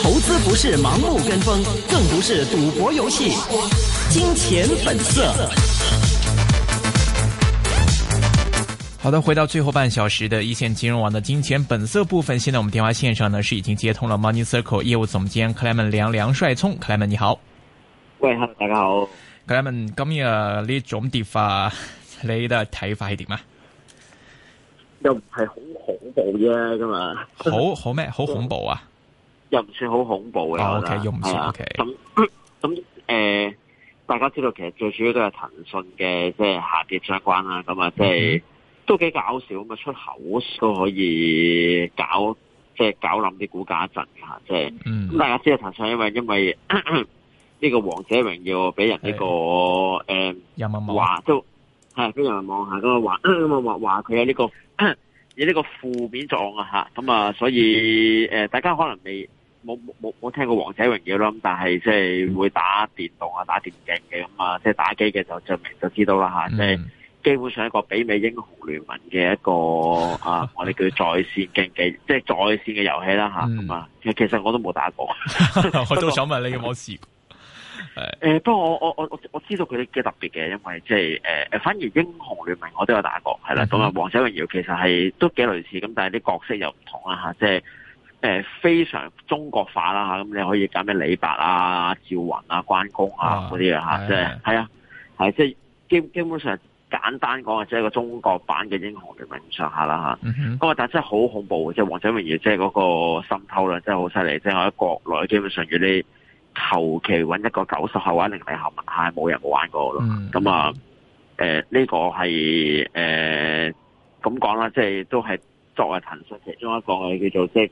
投資不是盲目跟風，更不是賭博遊戲。金錢本色。好的，回到最後半小時的一線金融網的金錢本色部分。現在我們電話線上呢是已經接通了 Money Circle 業務總監 Clement 梁梁帥聰，Clement 你好。喂，Hello，大家好。Clement，今日呢種跌法，你的睇法係點啊？又唔係好恐怖啫，咁 啊，好好咩？好恐怖啊？又唔算好恐怖嘅，O K，又唔算 O K。咁咁，誒，大家知道其實最主要都係騰訊嘅即係下跌相關啦。咁啊，即係都，、就是、都幾搞笑咁啊，出口都可以搞即係、就是、搞冧啲股價一陣吓，即、就、係、是。咁、嗯、大家知道騰訊因為因為呢個王者榮耀俾人呢個誒，有人望都係，俾人望下咁啊，話咁啊話話佢有呢個。 以呢個負面作用啊，吓咁啊，所以誒、呃，大家可能未冇冇冇聽過《王者榮耀》啦，咁但係即係會打電動啊，打電競嘅咁啊，即、就、係、是、打機嘅就就明就知道啦吓，即、啊、係、就是、基本上一個媲美《英雄聯盟》嘅一個啊，我哋叫在線競技， 即係在線嘅遊戲啦吓，咁啊，啊，其實我都冇打過， 我都想問你， 你有冇試？誒是、呃，不過我我我我我知道佢啲幾特別嘅，因為即係誒誒，反而英雄聯盟我都有打過，係啦的，咁啊的，王者榮耀其實係都幾類似，咁但係啲角色又唔同啦吓，即係誒非常中國化啦吓，咁、啊、你可以揀咩李白啊、趙雲啊、關公啊嗰啲啊吓，即係係啊，係即係基基本上簡單講啊，即係一個中國版嘅英雄聯盟上下啦吓，咁啊，啊、嗯、哼但係真係好恐怖即係、就是、王者榮耀即係嗰個滲透咧，真係好犀利，即係我喺國內基本上如你。後期揾一個九十後或者零零後，係冇人冇玩過咯。咁啊、嗯，誒、嗯、呢、呃這個係誒咁講啦，即係都係作為騰訊其中一個叫做即係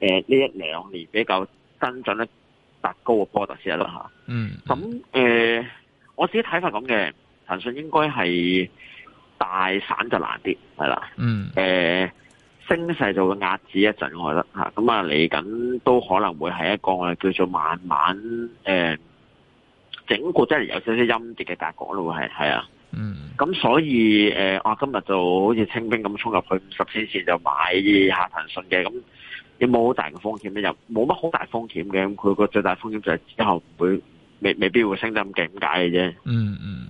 誒呢一兩年比較增長得特高嘅板塊先啦吓。嗯，咁誒、呃、我自己睇法咁嘅，騰訊應該係大散就難啲係啦。嗯，誒、呃。升勢就會壓止一陣，我覺得吓，咁啊嚟緊都可能會係一個我哋叫做慢慢誒、欸，整個真係有少少陰跌嘅格局咯，係係、嗯欸、啊，嗯，咁所以誒，我今日就好似清兵咁衝入去五十天線就買下騰訊嘅，咁有冇好大嘅風險咧，又冇乜好大風險嘅，咁佢個最大風險就係之後會未未必會升得咁勁咁解嘅啫，那個、嗯嗯，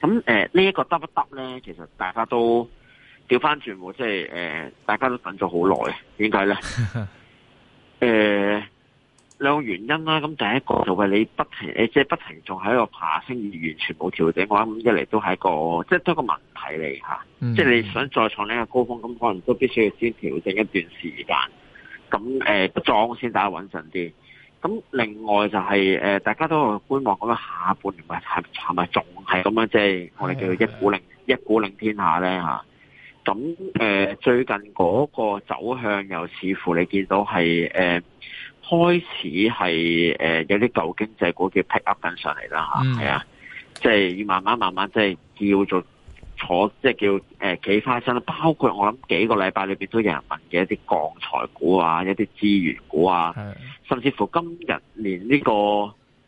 咁誒呢一個得不得咧？其實大家都。掉返轉即係誒，大家都等咗好耐，點解咧？誒、 呃，兩個原因啦。咁第一個就係你不停，你即係不停仲喺度爬升，完全冇調整我諗，咁一嚟都係一個，即係都係個問題嚟吓。即、啊、係 你想再創呢個高峰，咁可能都必須要先調整一段時間，咁誒，裝先打穩陣啲。咁另外就係、是、誒、呃，大家都係觀望嗰個下半年係咪仲係咁樣，即、就、係、是、我哋叫做一股領 一股領天下咧吓。啊咁誒、嗯、最近嗰個走向又似乎你見到係誒、呃、開始係誒、呃、有啲舊經濟股叫 pick up 緊上嚟啦嚇，係、嗯、啊，即、就、係、是、要慢慢慢慢即係叫做坐，即係叫誒企、呃、翻身啦。包括我諗幾個禮拜裏邊都有人問嘅一啲鋼材股啊，一啲資源股啊，的甚至乎今日連呢個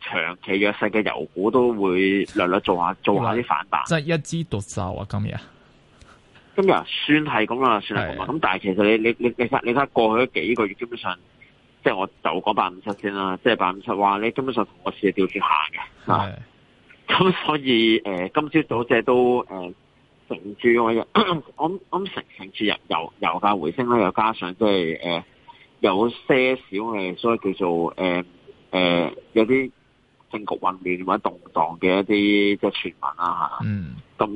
長期弱勢嘅油股都會略略做下做下啲反彈，即係一枝獨秀啊！今日。今日算係咁啊，算係咁啊。咁的但係其實你你你你睇你睇過去幾個月，基本上即係我就講八五七先啦，即係八五七。話，你基本上同個市係吊住下嘅吓。咁的、啊、所以誒、呃，今朝早者都誒頂住我，我咁成成住日油油價回升咧，又加上即係誒有些少嘅，所以叫做誒誒、呃呃、有啲。政局混亂或者動盪嘅一啲即係傳聞啦、啊、嚇，咁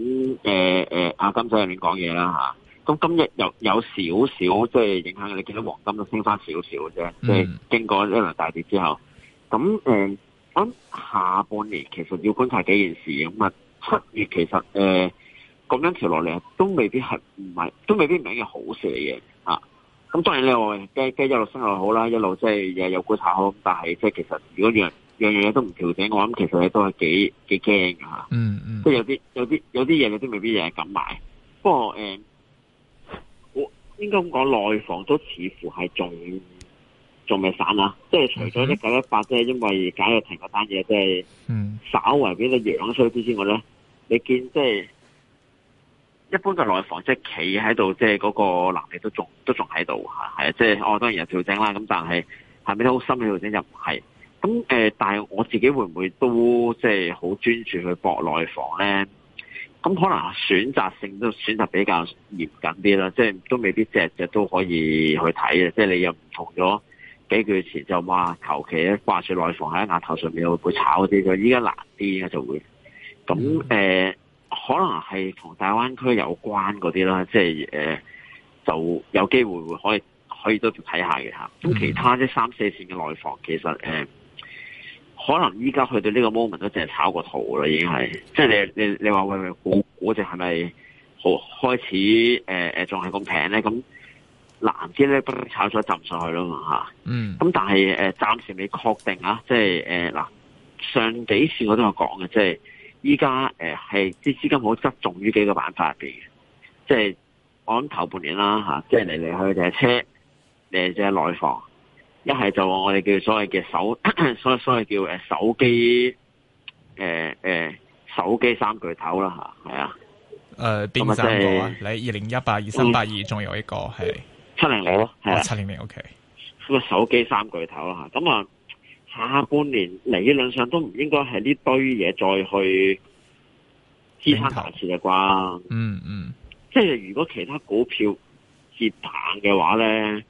誒誒，阿、嗯、金仔入面講嘢啦嚇。咁今日又有，有少少即係影響你見到黃金都升翻少少嘅啫。即係經過一輪大跌之後，咁誒咁下半年其實要觀察幾件事咁啊。七、嗯、月其實誒咁、嗯、樣調落嚟都未必係唔係都未必唔係一件好事嚟嘅嘢。咁當然咧，我即係一路升又好啦，一路即係誒有觀察好，咁但係即係其實如果讓。樣樣嘢都唔調整，我諗其實你都係幾幾驚噶吓，即係、嗯嗯、有啲有啲有啲嘢，有啲未必又係敢買。不過誒、嗯，我應該咁講，內房都似乎係仲仲未散啊！即係除咗一九一八啫，因為而家停單嘢，即係稍為變咗樣衰啲之外咧，嗯、你見即係一般嘅內房即係企喺度，即係嗰個能力都仲都仲喺度吓，係即係我、哦、當然有調整啦，咁但係係咪都好深嘅調整就唔係？咁誒，但係我自己會唔會都即係好專注去博內房咧？咁可能選擇性都選擇比較嚴謹啲啦，即係都未必隻隻都可以去睇嘅。即係你又唔同咗幾個月前就話，求其掛住內房喺額頭上面，又會炒啲嘅。依家難啲嘅就會，咁誒、呃、可能係同大灣區有關嗰啲啦，即係誒、呃、就有機會會可以可以都睇下嘅。咁其他即係三四線嘅內房其實誒。呃可能依家去到呢個 moment 都淨係炒個圖啦已經係，即係你你你話喂喂股股係咪好開始？誒、呃、誒，仲係咁平咧？咁藍籌咧，不都炒咗浸上去啦嘛？吓、啊，嗯，咁但係誒，暫時未確定啊。即係誒，嗱、呃，上幾次我都有講嘅，即係依家誒係啲資金好側重於幾個板塊入邊嘅。即係我諗頭半年啦吓、啊，即係嚟嚟去去就係車，就係隻內房。一係就我哋叫所謂嘅手，咳咳所所謂叫誒手機，誒、欸、誒、欸、手機三巨頭啦吓，係啊，誒邊個、呃就是、三個啊？你二零一八二三八二，仲有一個係、嗯、七零零咯，係七零零。O K，咁啊，手機三巨頭啦吓，咁啊，下半年理論上都唔應該係呢堆嘢再去支撐大市嘅啩。嗯嗯，即係如果其他股票跌彈嘅話咧。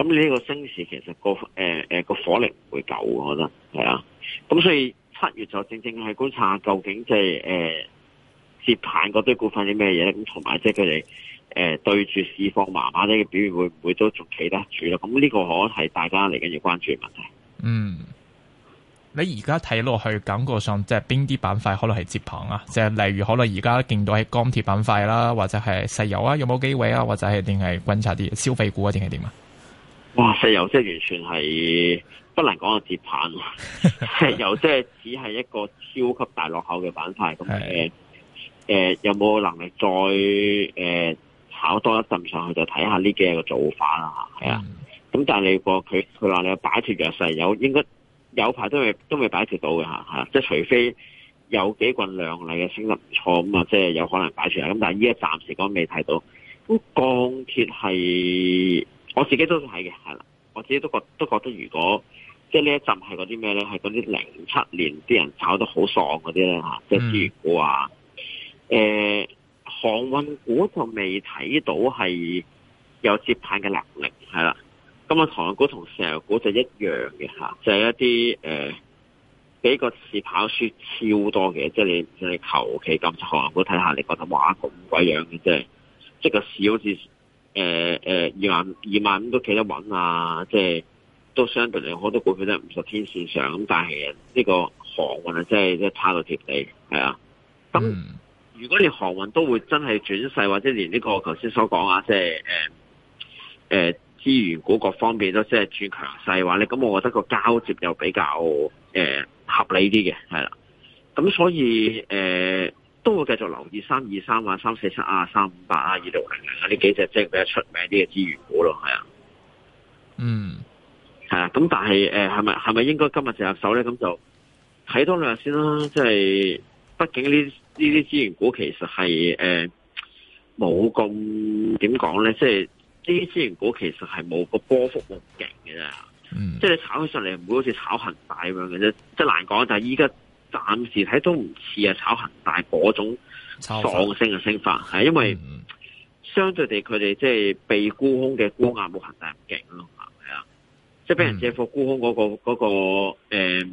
咁呢個升市其實個誒誒、呃、個火力唔會夠，我覺得係啊。咁所以七月就正正係觀察下究竟即係誒接棒嗰堆股份啲咩嘢咧？咁同埋即係佢哋誒對住市況麻麻地嘅表現，會唔會都仲企得住咧？咁呢個可能係大家嚟緊要關注嘅問題。嗯，你而家睇落去感覺上即係邊啲板塊可能係接棒啊？即係例如可能而家見到係鋼鐵板塊啦、啊，或者係石油啊，有冇機會啊？或者係定係觀察啲消費股啊？定係點啊？哇！石油即係完全係不能講個鐵棒，石油 即係只係一個超級大落口嘅板塊咁誒誒，的嗯嗯、有冇能力再誒炒、嗯、多一陣上去就睇下呢幾日嘅做法啦吓，係啊的。咁、嗯嗯、但係個佢佢話你擺脫弱勢，有應該有排都未都未擺脫到嘅吓即係除非有幾棍量嚟嘅升得唔錯咁啊，即係有可能擺脫咁但係依家暫時講未睇到。咁鋼鐵係。我自己都睇嘅，係啦，我自己都覺都覺得如果即係呢一陣係嗰啲咩咧？係嗰啲零七年啲人炒得好爽嗰啲咧吓，即係、嗯、如果話，誒、呃、航運股就未睇到係有接棒嘅能力，係啦，咁日航運股同石油股就一樣嘅吓，就係、是、一啲誒比個市跑輸超多嘅，即係你、就是、你求其咁，航運股睇下，你覺得哇咁鬼樣嘅，即係即係個市好似。誒誒、呃，二萬二萬五都企得穩啊！即、就、係、是、都相對嚟，好多股票咧，都係五十天線上，咁但係呢個航運啊，即係即係趴到貼地，係啊。咁如果你航運都會真係轉勢，或者連呢個頭先所講啊，即係誒誒資源股各方面都即係轉強勢嘅話咧，咁我覺得個交接又比較誒、呃、合理啲嘅，係啦、啊。咁所以誒。呃都會繼續留意三二三啊、三四七啊、三五八啊、二六零零啊呢幾隻即係比較出名啲嘅資源股咯，係啊，嗯，係啊，咁但係誒係咪係咪應該今日就入手咧？咁就睇多兩日先啦。即係畢竟呢呢啲資源股其實係誒冇咁點講咧，即係呢啲資源股其實係冇個波幅咁勁嘅啫。嗯，即係你炒起上嚟唔會好似炒恒大咁樣嘅啫，即係難講。但係依家。暫時睇都唔似啊炒恒大嗰種上升嘅升法，係因為相對地，佢哋即係被沽空嘅沽壓冇恒大咁勁咯，係啊，即係俾人借貨沽空嗰個嗰個誒，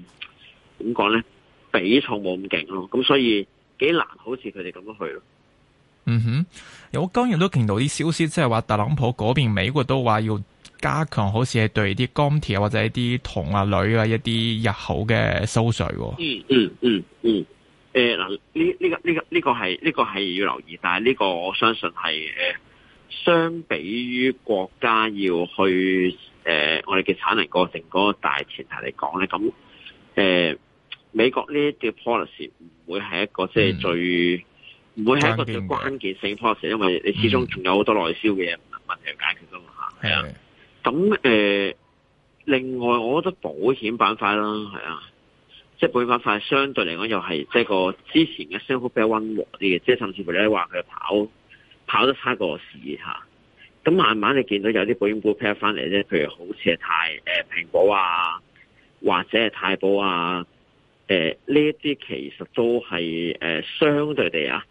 點講咧？比重冇咁勁咯，咁所以幾難，好似佢哋咁樣去咯。嗯哼，我今日都見到啲消息，即係話特朗普嗰邊美國都話要。加強好似係對啲鋼鐵或者一啲銅啊、鋁啊一啲入口嘅收稅。嗯嗯嗯嗯。誒、呃、嗱，呢、呃、呢、呃呢個呢、呢個呢、呢個係呢、呢個係要留意，但係呢個我相信係、呃，相比於國家要去誒、呃、我哋嘅產能過剩嗰個大前提嚟講咧，咁、呃、誒美國呢一啲 policy 唔會係一個即係最唔、嗯、會係一個最關鍵性 policy，因為你始終仲有好多內銷嘅嘢問題要解決噶嘛。係啊。咁誒、呃，另外我覺得保險板塊啦，係啊，即係保險板塊相對嚟講又係即係個之前嘅升幅比較溫和啲嘅，即係甚至乎你話佢跑跑得差過市咁、啊、慢慢你見到有啲保險股派翻嚟咧，譬如好似係太誒平保啊，或者係太保啊，誒呢一啲其實都係、呃、相對地啊，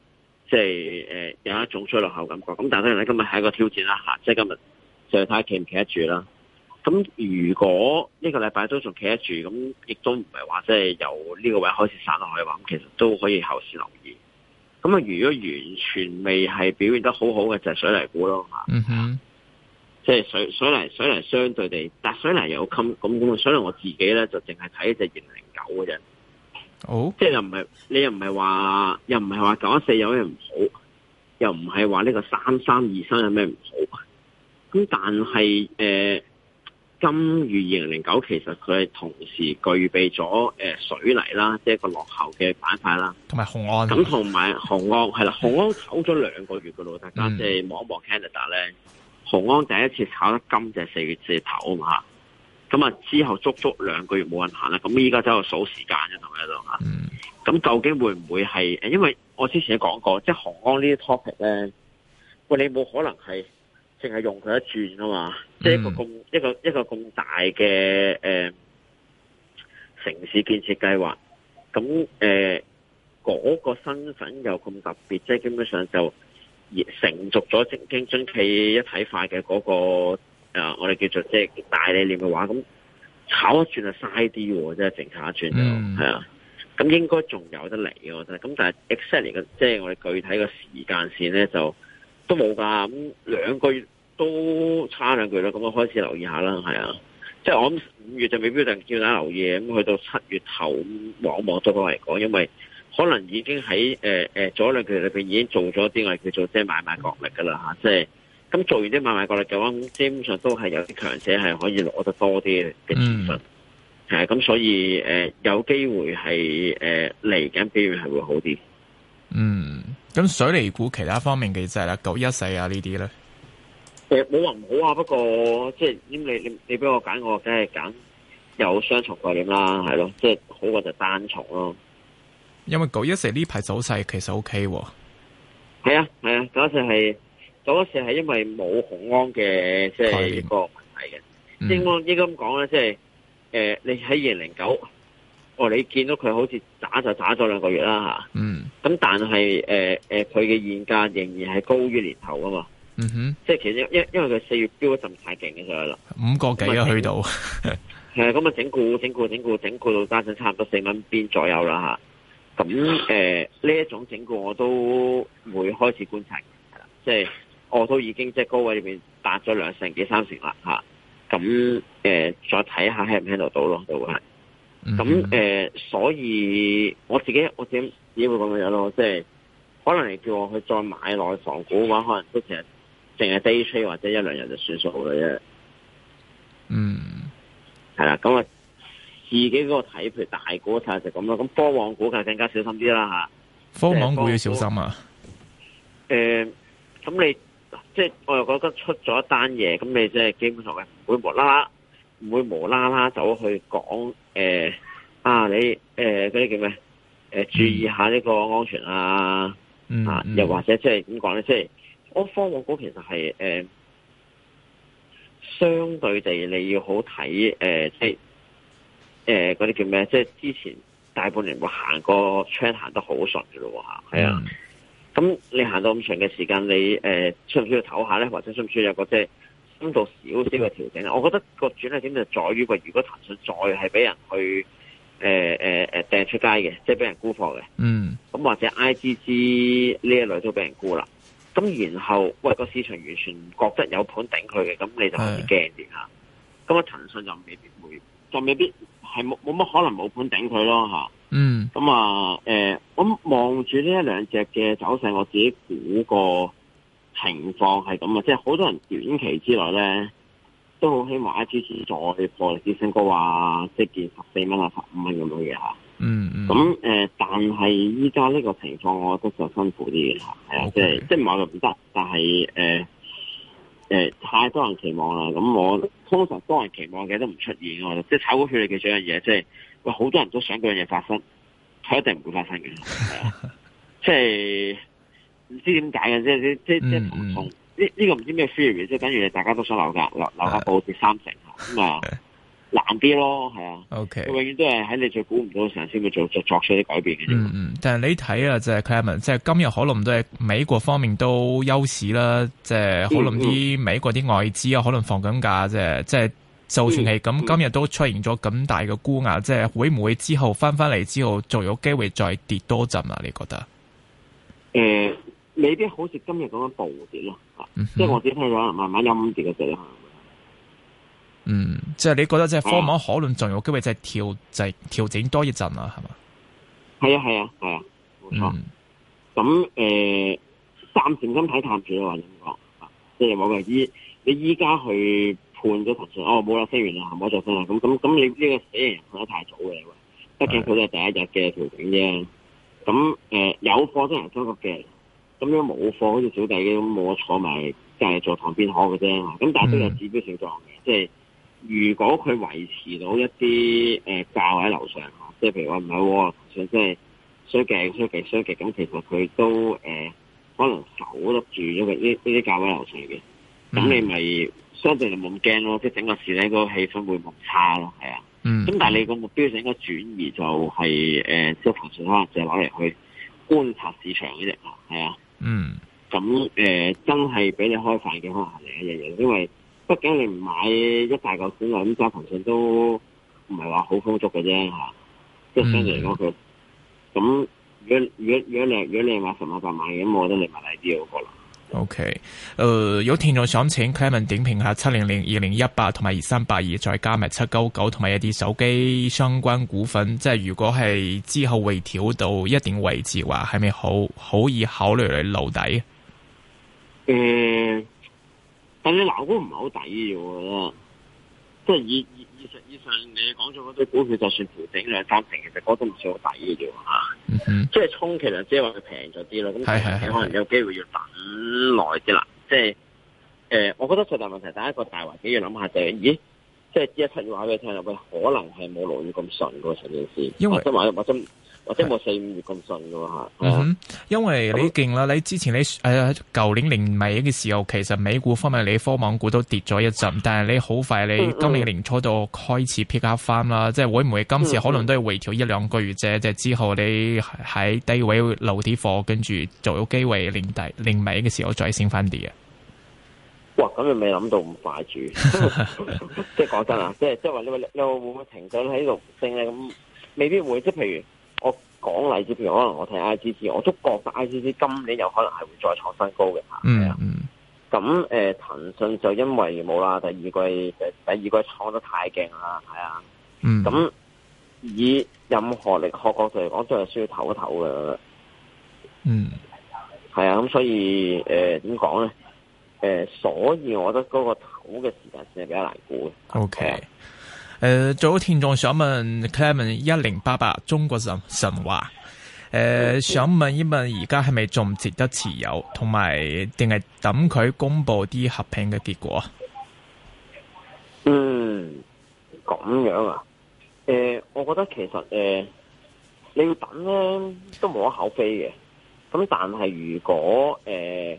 即係、呃、有一種追落後感覺。咁但係當然咧，今日係一個挑戰啦、啊、即係今日。就睇下企唔企得住啦。咁如果呢個禮拜都仲企得住，咁亦都唔係話即係由呢個位開始散落去話，咁其實都可以後市留意。咁啊，如果完全未係表現得好好嘅，就係、水泥股咯。嗯哼、mm，即、hmm. 係水水泥水泥相對地，但水泥有襟，咁所以我自己咧就淨係睇一隻二零九嘅啫。好，oh? 即係又唔係，你又唔係話，又唔係話九一四有咩唔好，又唔係話呢個三三二三有咩唔好。咁但係誒金月二零零九，其實佢係同時具備咗，呃、水泥啦，即係一個落後嘅板塊啦，同埋紅安。咁同埋紅安係啦，紅安炒咗兩個月噶啦， 大家即係望一望 Canada 咧，嗯，紅安第一次炒得金就四月字頭啊嘛，咁啊之後足足兩個月冇人行啦，咁依家走度數時間啫，同佢度。講咁究竟會唔會係？因為我之前都講過，即係紅安呢啲 topic 咧，喂你冇可能係。淨係用佢一轉啊嘛，即係一個咁、嗯、一個一個咁大嘅誒、呃、城市建設計劃，咁誒嗰個身份又咁特別，即係基本上就成熟咗政經中企一體化嘅嗰、那個誒、呃，我哋叫做即係大理念嘅話，咁炒一轉就嘥啲喎，即係淨炒一轉係、嗯、啊，咁應該仲有得嚟嘅，我覺得，咁但係 exactly 嘅即係我哋具體嘅時間線咧就。都冇噶，咁兩個月都差兩句啦，咁我開始留意下啦，係啊，即、就、係、是、我諗五月就未必一定，只大家留意，咁去到七月頭，咁往一望多嚟講，因為可能已經喺誒左兩句裏面已經做咗啲我哋叫做即係買賣角力噶啦吓，即係咁做完啲買賣角力嘅話，咁基本上都係有啲強者係可以攞得多啲嘅資本，係咁、mm. 所以誒、呃、有機會係誒嚟緊表現係會好啲，嗯。Mm. 咁水泥股其他方面嘅就係啦，九一四啊呢啲咧，誒冇話唔好啊，不過即係咁你你你俾我揀，我梗係揀有雙重概念啦，係咯，即係好過就單重咯啊。因為九一四呢排走勢其實 O K 喎，係啊係啊，九一四係九一四係因為冇紅安嘅即係個問題嘅，嗯、應該應該咁講咧，即係誒你喺二零零九。哦，你見到佢好似打就打咗兩個月啦吓咁、嗯、但係誒誒，佢、呃、嘅現價仍然係高於年頭啊嘛，嗯哼，即係其實因因為佢四月飆得陣太勁嘅時候啦，五個幾個去到，咁啊整固整固整固整固到單身差唔多四蚊邊左右啦，咁誒呢一種整固我都會開始觀察， 即係我都已經即係高位裏面達咗兩成幾、三成啦咁再睇下喺唔喺度到咯，就會係。嗯咁誒、嗯呃，所以我自己我自己會咁樣樣咯，即係可能你叫我去再買內房股嘅話，可能都其實淨係 day trade 或者一兩日就算數嘅啫。嗯，係啦，咁我自己個睇譬如大股睇就咁咯，咁科網股就更加小心啲啦嚇。科網股要小心啊。誒、欸，咁、欸欸、你，你即係我又覺得出咗一單嘢，咁你即係基本上嘅會無啦啦。唔會無啦啦走去講誒、呃、啊你誒嗰啲叫咩誒、呃、注意下呢個安全啊、嗯嗯、啊又或者即係點講咧，即係我方港股其實係誒、呃、相對地你要好睇誒即係誒嗰啲叫咩，即係之前大半年我行個 trend 行得好順嘅咯吓係啊咁，嗯、吧你行到咁長嘅時間你誒需唔需要唞下咧，或者需唔需要有個即係？溫到少少嘅調整，我覺得個轉捩點就在於喂，如果騰訊再係俾人去誒誒誒掟出街嘅，即係俾人沽貨嘅，嗯，咁或者 IGG 呢一類都俾人沽啦，咁然後喂個市場完全唔覺得有盤頂佢嘅，咁你就開始驚啲下咁啊騰訊就未必會，就未必係冇冇乜可能冇盤頂佢咯吓，嗯，咁啊誒，咁望住呢一兩隻嘅走勢，我自己估個情況係咁啊，即係好多人短期之內咧，都好希望一支持 C 再去破歷史新高啊，即係見十四蚊啊，十五蚊咁樣嘅吓。嗯嗯、mm。咁、hmm. 誒、呃，但係依家呢個情況，我覺得就辛苦啲嘅吓，係啊，Okay. 即係即係買就唔得，但係誒誒太多人期望啦。咁我通常多人期望嘅都唔出現，我哋即係炒股票你叫咗樣嘢，即係好、呃、多人都想嗰樣嘢發生，佢一定唔會發生嘅，係啊， 即係。唔知點解嘅啫，即即即同同呢呢、這個唔知咩 theory 即等於大家都想留噶，留留個股跌三成咁啊難啲咯，係啊。O K，永遠都係喺你最估唔到嘅時候先會做作出啲改變嘅、嗯。但係你睇啊，Clement, 即係 Clement，即係今日可能都係美國方面都休市啦，即係可能啲美國啲外資啊，嗯、可能放緊假，嗯、即係即係就算係咁，嗯、今日都出現咗咁大嘅沽壓，即係會唔會之後翻翻嚟之後，仲有機會再跌多陣啊？你覺得？嗯。未必好似今日咁樣暴跌咯，即係、嗯哼啊就是、我只聽到慢慢陰跌嘅時候。啊、嗯，即係你覺得即係科網可能仲有機會，即係調就係調整多一陣啦，係嘛？係啊，係啊，係啊，冇錯。咁誒、嗯，暫時咁睇探住咯，話咁講，即係冇個依你依家去判咗騰訊，哦冇啦飛完啦，冇再升啦，咁咁咁，你呢個死人判得太早嘅喎，畢竟佢都係第一日嘅調整啫。咁、啊、誒、啊啊，有貨都係收得嘅。咁樣冇貨，好似小弟咁冇坐埋，即係坐旁邊看嘅啫。咁但係都有指標性作用嘅，即係如果佢維持到一啲誒價位喺樓上，即係譬如話唔係上，即係衰極衰極衰極咁，其實佢都誒、呃、可能守得住咗個呢啲價位樓上嘅。咁你咪相對就冇咁驚咯，即係整個市咧個氣氛會冇差咯。係啊，咁、嗯、但係你個目標就應該轉移就係誒，即係盤算啦，就係攞嚟去觀察市場嘅啫。係啊。嗯、mm.，咁、呃、誒，真係俾你開快嘅可能係另一樣嘢，因為畢竟你唔買一大嚿錢嚟，咁揸庭上都唔係話好充足嘅啫吓，即係相對嚟講佢。咁，如果如果你如果你買十萬八萬嘅，咁我覺得你買抵啲好過啦。OK，誒、呃，有聽眾想請 Clement 點評下七零零、二零一八同埋二三八二，再加埋七九九同埋一啲手機相關股份。即係如果係之後回調到一定位置話，係咪好好以考慮嚟留底？嗯、呃，但係留都唔係好抵嘅。即係以以二十以，以上你講咗嗰堆股票，就算調整兩三成，嗰個嗯、哼其，其實嗰都唔算好抵嘅啫喎嚇。即係衝，其實即係話佢平咗啲咯。咁但係你可能有機會要等耐啲啦。嗯、哼即係誒、呃，我覺得最大問題，第一個大環境要諗下就係、是，咦，即係呢一七月話俾你聽，喂，可能係冇六月咁順嘅喎，成件事。因為真。我我即係冇四五月咁順嘅喎吓，嗯哼，因為你勁啦，你之前你誒舊年年尾嘅時候，其實美股方面你的科網股都跌咗一陣，但係你好快你今年年初度開始 pick up 翻啦，嗯嗯、即係會唔會今次可能都係回調一兩個月啫，即係、嗯嗯、之後你喺低位留啲貨，跟住做機會年底年尾嘅時候再升翻啲嘅。哇，咁你未諗到咁快住，即係講真啊，即係即係話你話會唔會停咗喺度升咧？咁未必會，即係譬如。我講例子，譬如可能我睇 IGC，我都覺得 IGC 今年有可能係會再創新高嘅吓。嗯、mm，咁、hmm. 誒、啊，騰訊、呃、就因為冇啦，第二季誒，第二季炒得太勁啦，係啊。嗯、mm。咁、hmm. 以任何力學角度嚟講，都係需要唞一唞嘅。嗯、mm。係、hmm. 啊，咁所以誒點講咧？誒、呃呃，所以我覺得嗰個唞嘅時間真係比較難估嘅。O Okay . K、啊。誒、呃，早聽眾想問 Clement 一零八八中國神華，誒、呃、想問一問而家係咪仲值得持有，同埋定係等佢公布啲合併嘅結果啊？嗯，咁樣啊？誒、呃，我覺得其實誒、呃，你要等咧都冇可厚非嘅。咁但係如果誒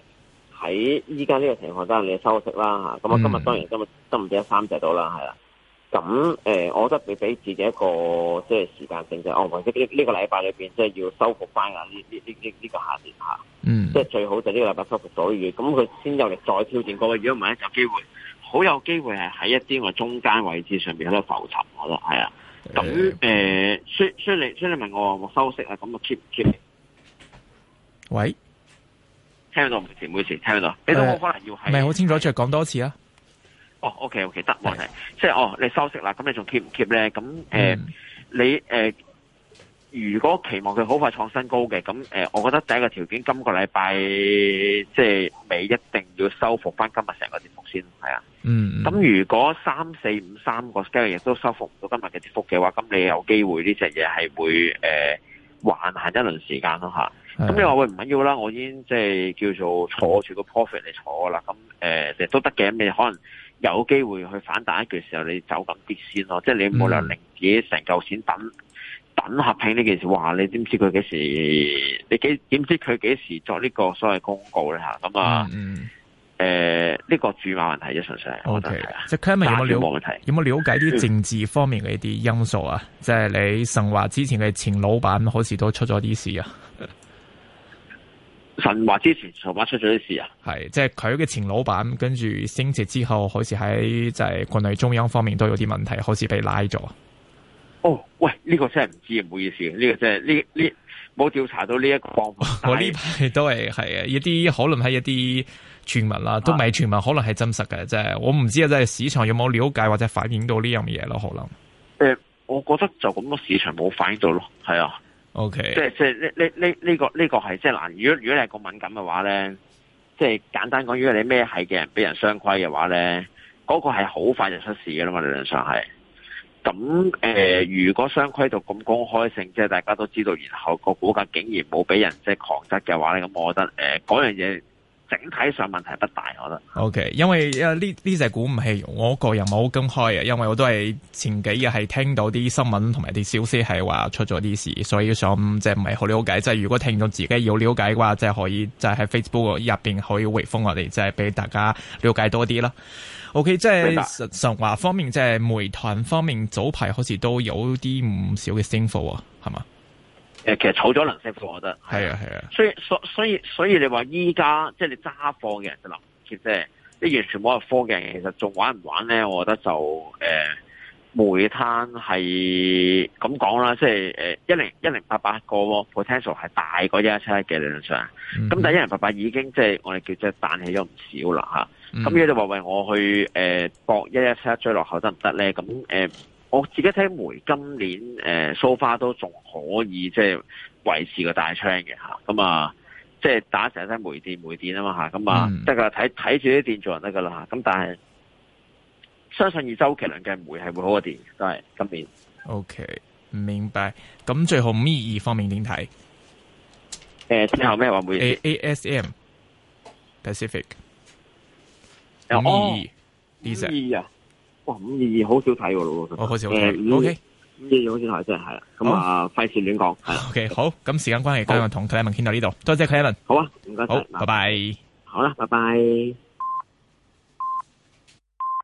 喺依家呢個情況之下，你收息啦吓。咁、啊、我今日當然今日唔日得三隻到啦，係啦。咁誒，我覺得你俾自己一個即係時間性質，哦，或者呢呢個禮拜裏邊即係要修復翻嘅呢呢呢呢呢個下跌吓，嗯，即係、嗯嗯、最好就呢個禮拜修復咗，咁佢先有力再挑戰過。如果唔係有機會，好有機會係喺一啲我中間位置上邊喺度浮沉咯，係啊。咁、嗯、誒，需需、欸嗯、你需你問我，我有冇收息啊？咁啊，接唔接？喂，聽到唔唔冇事，聽到。你都、欸、可能要係，唔係好清楚，再講多次啊！哦，OK，OK，得，冇問題。即係哦，oh, 你收息啦，咁你仲 keep 唔 keep 咧？咁誒、嗯呃，你誒、呃，如果期望佢好快創新高嘅，咁誒、呃，我覺得第一個條件，今、這個禮拜即係尾一定要收復翻，今日成個跌幅先，係啊。嗯。咁如果三四五三個星期亦都收復唔到今日嘅跌幅嘅話，咁你有機會呢隻嘢係會誒橫行一輪時間咯吓。咁你話喂，唔緊要啦，我已經即係叫做坐住個 profit 嚟坐啦。咁誒，其、呃、實都得嘅，你可能。有機會去反彈一句嘅時候，你走咁啲先咯。即係你冇能令自己成嚿錢等等合拼呢件事。話你知唔知佢幾時？你幾點知佢幾時作呢個所謂公告咧？咁啊？嗯呢、呃呢個注碼問題啫，純粹係。O Okay , K。即係有冇了、了解啲政治方面嘅一啲因素啊？即係 你神話之前嘅前老闆，好似都出咗啲事啊。神話之前老闆出咗啲事啊？係，即係佢嘅前老闆，跟住升職之後，好似喺就係國內中央方面都有啲問題，好似被拉咗。哦，喂，呢、這個真係唔知，唔好意思，呢、這個真係呢呢冇調查到呢、這個、 一個方面。我呢排都係係一啲可能係一啲傳聞啦，都唔係傳聞，可能係、啊、真實嘅，即係我唔知啊，即係市場有冇了解或者反映到呢樣嘢咯？可能誒、呃，我覺得就咁多市場冇反映到咯，係啊。O Okay . K，即係即係呢呢呢呢個呢、這個係即係嗱，如果如果你係咁敏感嘅話呢，即係簡單講，如果你咩係嘅人畀人雙規嘅話呢，嗰、那個係好快就出事嘅啦嘛，理論上係。咁誒、呃，如果雙規到咁公開性，即係大家都知道，然後個股價竟然冇俾人即係狂執嘅話呢，咁我覺得誒嗰、呃、樣嘢。整體上問題不大，我覺得。OK，因為呢呢隻股唔係我個人冇跟開嘅，因為我都係前幾日係聽到啲新聞同埋啲消息係話出咗啲事，所以想即係唔係好了解。即係如果聽到自己有了解嘅話，即係可以即係喺 Facebook 入邊可以回覆我哋，即係俾大家了解多啲啦。OK，即係神華方面，即係煤炭方面，早排好似都有啲唔少嘅升幅喎，係嘛？誒，其實儲咗能識貨，我覺得係啊，係啊，所以所所以所以你話依家即係你揸貨嘅人就諗，即係你完全冇入貨嘅人其實仲玩唔玩咧？我覺得就誒，煤炭係咁講啦，即係誒一零一零八八個 potential 係大過一一七一嘅理論上，咁但係一零八八已經即係我哋叫即係彈起咗唔少啦，嚇，咁而家就話喂，我去誒搏一一七一追落後得唔得咧？咁誒？我自己聽煤今年誒，so far 都仲可以即係維持個大窗嘅吓，咁啊即係打成日聽煤電煤電啊嘛吓，咁啊即係睇睇住啲電做就得噶啦，咁但係相信二周期量嘅煤係會好過電都係今年。呃、今年 OK，明白。咁最後五二二方面點睇？誒、呃，之後咩話煤、啊、？ASM Pacific 五二二、哦，呢隻 Z。哦哇！五二二好、嗯、okay. 少睇喎，咯好似好少睇。O K，五二二好少睇，真係。係啦。咁啊，費事亂講。O、okay, K，好。咁時間關係，oh. 今日同 Clement 傾到呢度。多謝謝 Clement。好啊，唔該曬。好，拜拜。拜拜好啦，拜拜。